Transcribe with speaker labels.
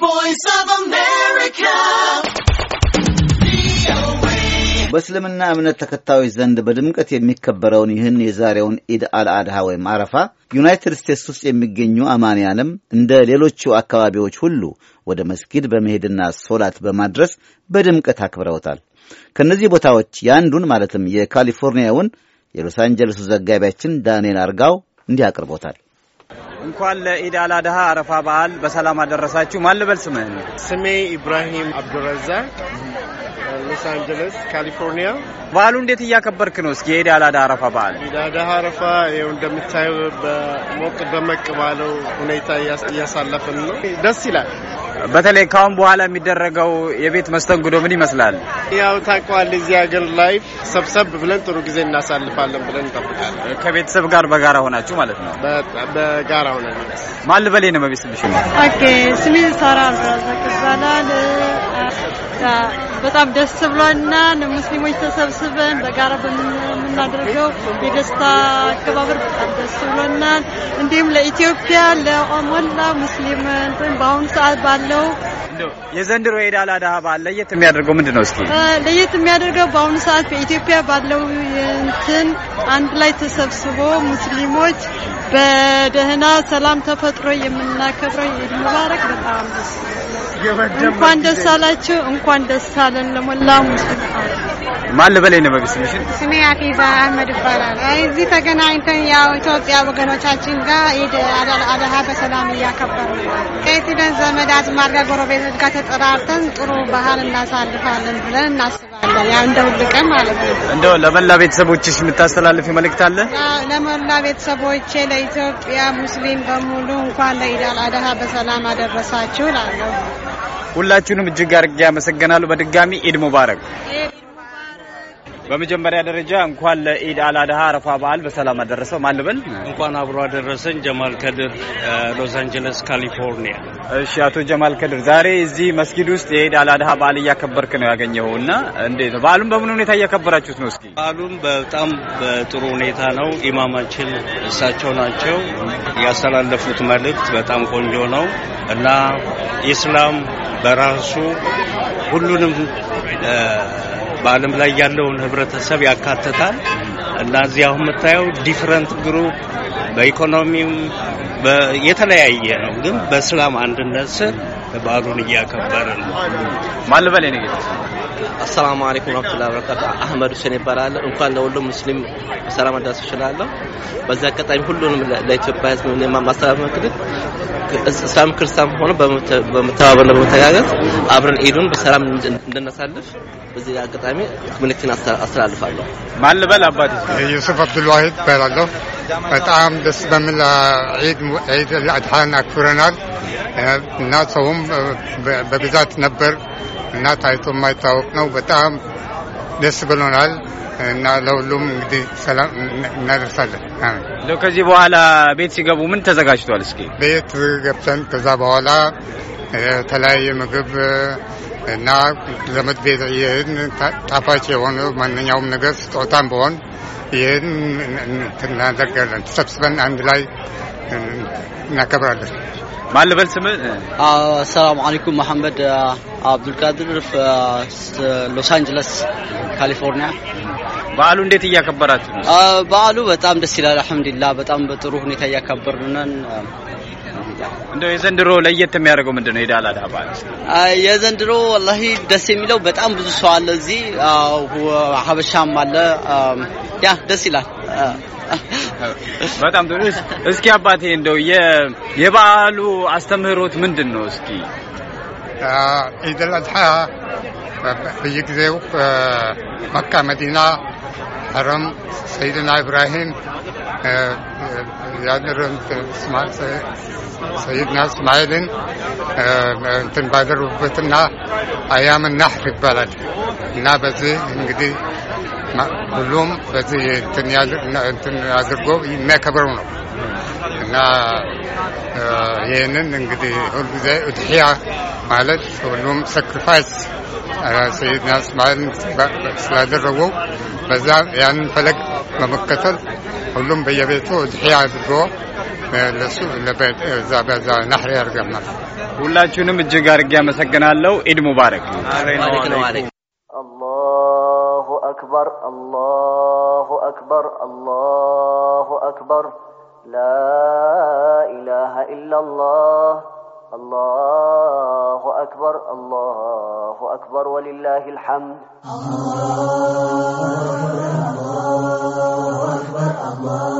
Speaker 1: ቮይስ ኦፍ አሜሪካ
Speaker 2: በእስልምና እምነት ተከታዮች ዘንድ በድምቀት የሚከበረውን ይህን የዛሬውን ኢድ አልአድሃ ወይም አረፋ ዩናይትድ ስቴትስ ውስጥ የሚገኙ አማንያንም እንደ ሌሎቹ አካባቢዎች ሁሉ ወደ መስጊድ በመሄድና ሶላት በማድረስ በድምቀት አክብረውታል። ከእነዚህ ቦታዎች የአንዱን ማለትም የካሊፎርኒያውን የሎስ አንጀለሱ ዘጋቢያችን ዳንኤል አርጋው እንዲህ አቅርቦታል። እንኳን ለኢድ አላድሃ አረፋ በዓል በሰላም አደረሳችሁ። ማን ልበል ስምህን? ስሜ ኢብራሂም አብዱረዛቅ ሎስ አንጀለስ ካሊፎርኒያ። በዓሉ እንዴት እያከበርክ ነው? እስኪ የኢድ አላድሃ አረፋ በዓል። ኢድ አላድሃ አረፋ ይኸው እንደምታየው በሞቅ ደመቅ ባለው ሁኔታ እያሳለፍን ነው። ደስ ይላል። በተለይ ካሁን በኋላ የሚደረገው የቤት መስተንግዶ ምን ይመስላል? ያው ታውቀዋል፣ እዚህ ሀገር ላይ ሰብሰብ ብለን ጥሩ ጊዜ እናሳልፋለን ብለን እንጠብቃለን። ከቤተሰብ ጋር በጋራ ሆናችሁ ማለት ነው? በጋራ ሆነ ማን ልበሌ ነው መቤት ስልሽ
Speaker 1: ኦኬ። ስሜ ሳራ ብራዘቅ ይባላል። በቃ በጣም ደስ ብሎናል። ሙስሊሞች ተሰብስበን በጋራ በምናደርገው የደስታ አከባበር በጣም ደስ ብሎናል። እንዲሁም ለኢትዮጵያ ለሞላ ሙስሊም በአሁኑ ሰዓት ባለው
Speaker 2: የዘንድሮ የኢድ አል አድሃ በዓል ለየት የሚያደርገው ምንድን ነው? እስኪ
Speaker 1: ለየት የሚያደርገው በአሁኑ ሰዓት በኢትዮጵያ ባለው እንትን አንድ ላይ ተሰብስቦ ሙስሊሞች በደህና ሰላም ተፈጥሮ የምናከብረው የኢድ ሙባረክ በጣም ደስ ይላል። እንኳን ደስ አላችሁ፣ እንኳን ደስ አለን ለሞላ ሙስሊም
Speaker 2: ማን ልበለኝ ነው በቢስሚሽ?
Speaker 1: ስሜ አፊዛ አህመድ ይባላል። እዚህ ተገናኝተን ያው ኢትዮጵያ ወገኖቻችን ጋር ኢድ አድሃ በሰላም እያከበሩ ነው። ከኢትደን ዘመድ አዝማድ ጋር ጎረቤቶች ጋር ተጠራርተን ጥሩ ባህል እናሳልፋለን ብለን እናስባለን። ያው እንደ ሁል ቀን ማለት ነው።
Speaker 2: እንደው ለመላ ቤተሰቦችሽ የምታስተላልፊ መልእክት አለ?
Speaker 1: ለመላ ቤተሰቦቼ፣ ለኢትዮጵያ ሙስሊም በሙሉ እንኳን ለኢድ አድሃ በሰላም አደረሳችሁ እላለሁ።
Speaker 2: ሁላችሁንም እጅግ አድርጌ አመሰግናለሁ። በድጋሚ ኢድ ሙባረክ። በመጀመሪያ ደረጃ እንኳን ለኢድ አላድሃ አረፋ በዓል በሰላም አደረሰው ማልበል እንኳን አብሮ አደረሰን። ጀማል ከድር ሎስ አንጀለስ ካሊፎርኒያ። እሺ አቶ ጀማል ከድር ዛሬ እዚህ መስጊድ ውስጥ የኢድ አላድሃ በዓል እያከበርክ ነው ያገኘው እና እንዴት ነው በዓሉም በምን ሁኔታ እያከበራችሁት ነው? እስኪ በዓሉም በጣም በጥሩ ሁኔታ ነው። ኢማማችን እሳቸው ናቸው ያስተላለፉት መልእክት በጣም ቆንጆ ነው እና ኢስላም በራሱ ሁሉንም በዓለም ላይ ያለውን ህብረተሰብ ያካትታል እና እዚህ አሁን የምታየው ዲፍረንት ግሩፕ በኢኮኖሚም የተለያየ ነው፣ ግን በሰላም አንድነት ስር በዓሉን እያከበርን ነው። አሰላሙ አለይኩም ወራህመቱላሂ
Speaker 1: ወበረካቱ። አህመድ ሁሴን ይባላል። እንኳን ለወሎ ሙስሊም ሰላም አዳስ ይችላለሁ። በዚህ አጋጣሚ ሁሉንም ለኢትዮጵያ ህዝብ ምን ማስተላለፍ መክደት እስላም ክርስቲያን ሆኖ በመተባበር በመተጋገዝ አብረን ኢዱን በሰላም እንድናሳልፍ በዚህ አጋጣሚ ምልክትን አስተላልፋለሁ። ማን ልበል? አባቴ ዩሱፍ አብዱልዋሂድ ይባላለሁ። በጣም ደስ በሚል ዒድ ዒድ አድሃን አክብረናል። እና ሰውም በብዛት ነበር እና ታይቶ የማይታወቅ ነው። በጣም ደስ ብሎናል እና ለሁሉም እንግዲህ ሰላም እናደርሳለን። ከዚህ በኋላ ቤት ሲገቡ ምን ተዘጋጅቷል? እስኪ ቤት ገብተን ከዛ በኋላ የተለያየ ምግብ እና ዘመድ ቤት ይህን ጣፋጭ የሆነ ማንኛውም ነገር ስጦታን በሆን ይህን እናደርጋለን። ተሰብስበን አንድ ላይ እናከብራለን። ማን ልበል ስምህ? አሰላሙ አለይኩም መሐመድ አብዱልቃድር ሎስ አንጀለስ ካሊፎርኒያ። በዓሉ እንዴት እያከበራችሁ ነው? በዓሉ በጣም ደስ ይላል። አልሐምዱሊላህ በጣም በጥሩ ሁኔታ እያከበርን ነን።
Speaker 2: እንደው የዘንድሮ ለየት የሚያደርገው ምንድን ነው? የዳል አዳ
Speaker 1: የዘንድሮ ወላሂ ደስ የሚለው በጣም ብዙ ሰው አለ እዚህ፣ ሀበሻም አለ። ያ ደስ ይላል።
Speaker 2: በጣም ጥሩ። እስኪ አባቴ እንደው የበዓሉ አስተምህሮት ምንድን ነው? እስኪ
Speaker 1: ኢድ አልአድሃ በየጊዜው መካ፣ መዲና፣ ሐረም ሰይድና ኢብራሂም ያደረን ሰይድና እስማኤልን እንትን ባደረጉበትና አያም ናህር ይባላል እና በዚህ እንግዲህ ሁሉም በዚህ እንትን አድርጎ የሚያከብረው ነው እና ይህንን እንግዲህ ሁልጊዜ እድሕያ ማለት ሁሉም ሰክሪፋይስ ሰይድና እስማኤል ስላደረጉ በዛ ያንን ፈለግ በመከተል ሁሉም በየቤቱ እድሕያ አድርጎ ለሱ ለዛ በዛ ናሕሪ ያርገማል። ሁላችሁንም
Speaker 2: እጅግ አድርጌ አመሰግናለሁ። ኢድ ሙባረክ።
Speaker 1: أكبر الله
Speaker 2: أكبر الله أكبر لا إله إلا الله الله أكبر الله أكبر ولله الحمد الله أكبر الله أكبر الله